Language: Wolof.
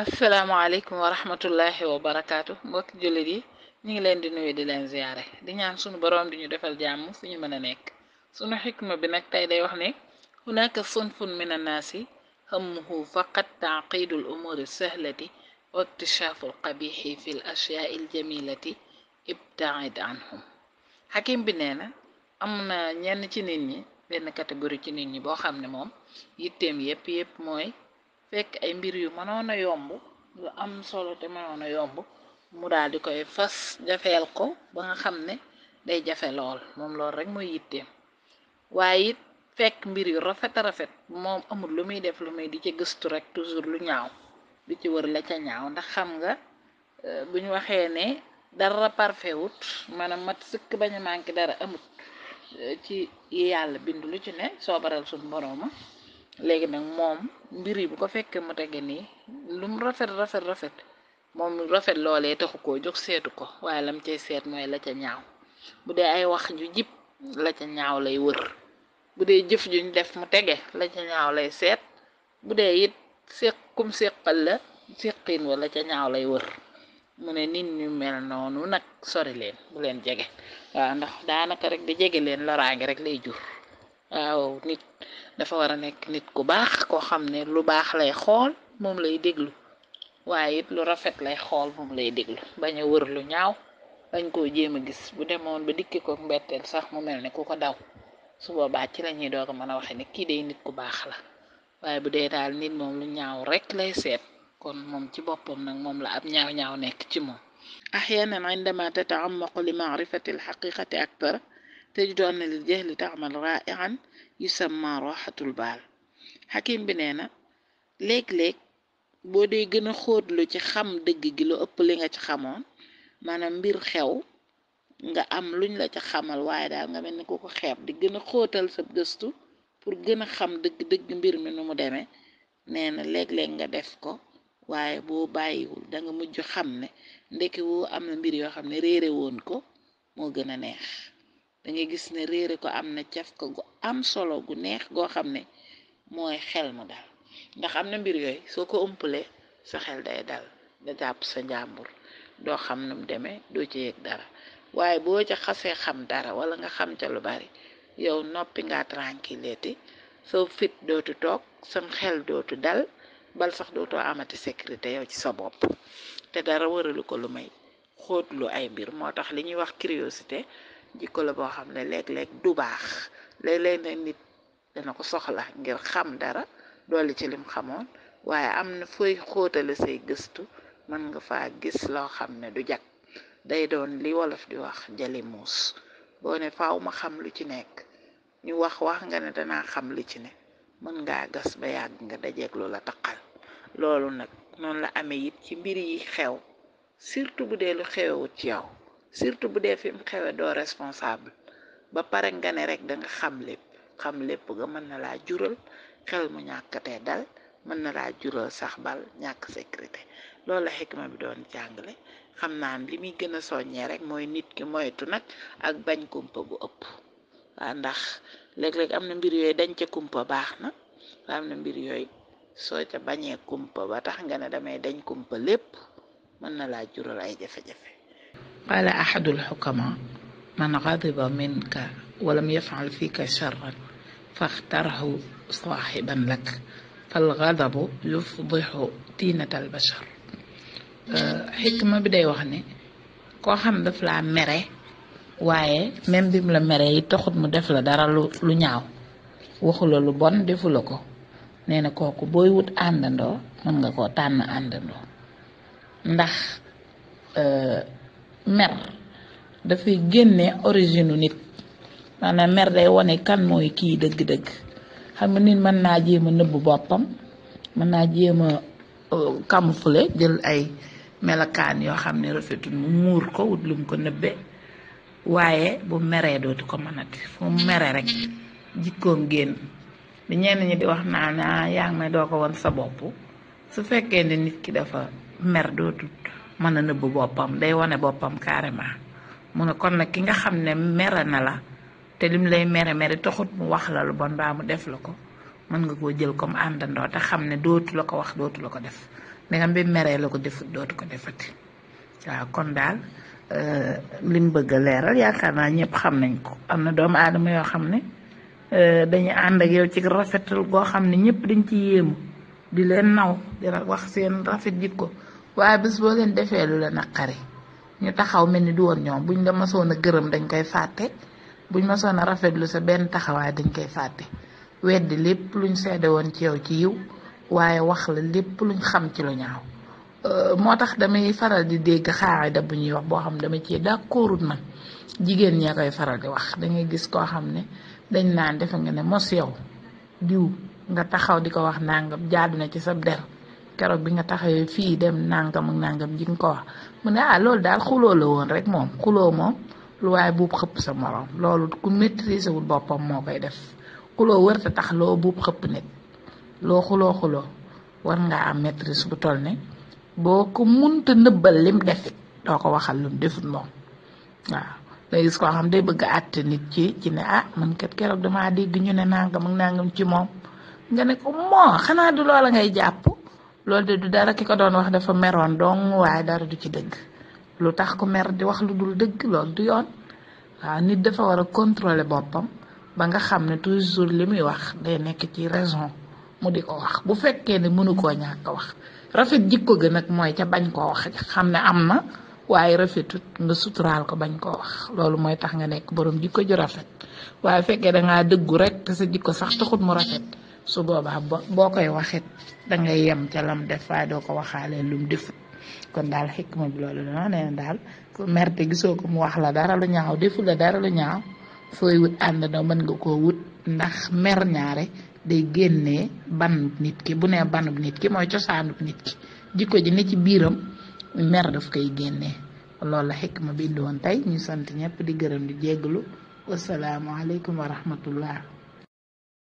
asalaamaaleykum wa rahmatullahi wa barakaatu mbokki jullit yi ñu ngi leen di nuyu di leen ziyaare di ñaan suñu boroom di ñu defal jàmm fu ñu mën a nekk suñu xikma bi nag tey day wax ne hunaka sunfun min annaasi hammuhu faqat taaqiidul umuuri sahlati wa iktishaaful qabiixi fil ashyaai ljamilati ibtaid anhum xakim bi nee na am na ñenn ci nit ñi benn catégorie ci nit ñi boo xam ne moom yitteem yépp yépp mooy fekk ay mbir yu mënoon a yomb yu am solo te mënoon yomb mu daal di koy fas jafeel ko ba nga xam ne day jafe lool moom loolu rek mooy yitteem waaye it fekk mbir yu rafet rafet moom amul lu muy def lu muy di ci gëstu rek toujours lu ñaaw di ci wër la ca ñaaw ndax xam nga euh, bu ñu waxee ne dara parfait wut maanaam mat sëkk bañ a manqué dara amut euh, ci yàlla bind lu ci ne soo baral suñ borooma léegi nag moom mbir yi bu ko fekkee mu tege nii lu rafet rafet rafet moom rafet loole taxu koo jóg seetu ko waaye lam cay seet mooy la ca ñaaw bu dee ay wax ju jib la ca ñaaw lay wër bu dee jëf juñ def mu tege la ca ñaaw lay seet bu dee it séq kum séqal la séqin wala ca ñaaw lay wër mu ne nit ñu mel noonu nag sori leen bu leen jege waaw ndax daanaka rek di jege leen loraange rek lay jur waaw nit dafa war a nekk nit ku baax koo xam ne lu baax lay xool moom lay déglu waaye it lu rafet lay xool moom lay déglu bañ a wër lu ñaaw bañ koo jéem a gis bu demoon ba dikki ko mbetteel sax mu mel ne ku ko daw su boobaa ci la ñuy doog a mën a waxee ne kii day nit ku baax la waaye bu dee daal nit moom lu ñaaw rek lay seet kon moom ci boppam nag moom la ab ñaaw-ñaaw nekk ci moom axyaanan indama tataammaqu li maarifati alxaqiqati aktar te doon na li jeex li taamal raa'ian yusamma raaxatul baal xakim bi nee na léeg boo dee gën a lu ci xam dëgg gi lu ëpp li nga ci xamoon maanaam mbir xew nga am luñ la ca xamal waaye daal nga mel ni ku ko xeeb di gën a xóotal sa gëstu pour gën a xam dëgg dëgg mbir mi nu mu demee nee na léeg nga def ko waaye boo bàyyiwul danga nga mujj xam ne ndekki woo am na mbir yoo xam ne réere woon ko moo gën a neex da gis ne réere ko am na caf ko gu am solo gu neex goo xam ne mooy xel mu dal ndax am na mbir yooyu soo ko ëmpalee sa xel day dal da jàpp sa njàmbur doo xam nu demee doo ci dara waaye boo ca xasee xam dara wala nga xam ca lu bari yow noppi nga tranquillité soo fit dootu toog sam xel dootu dal bal sax dootoo amati sécurité yow ci sa bopp te dara waralu ko lu may xóotlu ay mbir moo tax li ñuy wax curiosité jikko la boo xam ne léeg-léeg du baax léeg-léeg nit dana ko soxla ngir xam dara dolli ci lim xamoon waaye am na fooy xóotale say gëstu mën nga faa gis loo xam ne du jag day doon li wolof di wax jali muus boo ne faaw ma xam lu ci nekk ñu wax wax nga ne danaa xam lu ci ne mën ngaa gas ba yàgg nga dajeeg lu la taqal loolu nag noonu la amee it ci mbir yi xew surtout bu dee lu xewewut ci yow surtout bu dee fi mu xewe doo responsable ba pare nga ne rek da xam lépp xam lépp ga mën na laa jural xel mu ñàkkatee dal mën na laa jural sax bal ñàkk sécurité loolu la xikma bi doon jàngale xam naa li muy gën a soññee rek mooy nit ki moytu nag ak bañ kumpa bu ëpp waa ndax léeg-léeg am na mbir yooyu dañ ca kumpa baax na waa am na mbir yooyu soo ca bañee kumpa ba tax nga ne damay dañ kumpa lépp mën na laa jural ay jafe-jafe قال أحد الحكماء من غضب منك ولم يفعل فيك شرا فاختره صاحبا لك فالغضب يفضح تينة البشر xikma bi day wax ne koo xam daf laa mere waaye même bi mu la mere yi taxut mu def la dara lu lu ñaaw waxu la lu bon defu la ko nee na kooku booy wut àndandoo mën nga koo tànn àndandoo ndax mer fay génne origine nit manam mer day wane kan moy ki deug deug xam nga nit mën naa jéem a nëbb boppam mën naa jéem a camoufler jël ay melakan yo xamné ne mur ko wut lum ko neubé wayé bu méré dootu ko manati fu méré rek jikko ngén bi ñenn ñi di wax naa ah, ne may doo ko sa bop su fekké ni nit ki dafa mer dootut mën na nëbb boppam day wane boppam carrément mu ne kon nag ki nga xam ne mere na la te lim lay mere mere taxut mu wax la lu bon def la ko mën nga koo jël comme àndandoo te xam ne dootu la wax dootu la def ndegam bi meree la ko def dootu ko defati waaw kon daal euh, lim bëgg a leeral yaakaar naa ñëpp xam nañ ko am na doomu aadama yoo xam ne euh, dañuy ànd ak yow ci rafetal goo xam ne ñëpp dañ ci yéemu di leen naw di wax seen rafet jikko waye bes bo len defee lu la naqari ñu taxaw melni du won ñom buñ la masoon a gërëm dañ koy faté buñ masoon a rafetlu sa ben taxaway dañ koy faté wedd lepp luñ sédé won ci yow ci yiw waye wax la lepp luñ xam ci lu ñaaw euh motax damay faral di dégg wax bo xam dama ci man jigen faral di wax ngay gis ko xamne dañ nan def nga ne mos yow diw nga taxaw diko wax nangam jaaduna ci sa der keroog bi nga taxawee fii dem nangam ak nangam ji nga ko wax mu ne ah loolu daal xuloo la woon rek moom xuloo moom lu waaye buub xëpp sa morom loolu ku maîtriser wul boppam moo koy def xuloo wërta tax loo buub xëpp nit loo xuloo xuloo war ngaa am maîtrise bu toll ne boo ko munta nëbbal lim defit doo ko waxal lu mu defut moom waaw day gis koo xam day bëgg a àtte nit ci ci ne ah man kat keroog damaa dégg ñu ne nangam ak nangam ci moom nga ne ko moo xanaa du loolu de du dara ki ko doon wax dafa meroon dong waaye dara du ci dëgg lu tax ku mer di wax lu dul dëgg loolu du yoon waaw nit dafa war a contrôler boppam ba nga xam ne toujours li muy wax day nekk ci raison mu di ko wax bu fekkee ne mënu koo ñàkk wax rafet jikko ga nag mooy ca bañ koo wax xam ne am na waaye rafetut nga suturaal ko bañ koo wax loolu mooy tax nga nekk borom jikko ju rafet waaye fekkee dangaa dëggu rek te sa jikko sax taxut mu rafet su boobaa boo koy waxit dangay yem ca lam def doo ko waxaalee lum defut kon daal xikma bi loolu la nee daal ku merte gisoo ko mu wax la dara lu ñaaw deful la dara lu ñaaw sooy wut ànd na mën nga koo wut ndax mer ñaare day génnee banub nit ki bu nee banub nit ki mooy cosaanub nit ki jikko ji ne ci biiram mer daf koy génnee loolu la ma bi indi tey ñu sant ñëpp di gërëm di jégglu wasalaamualeykum wa rahmatullah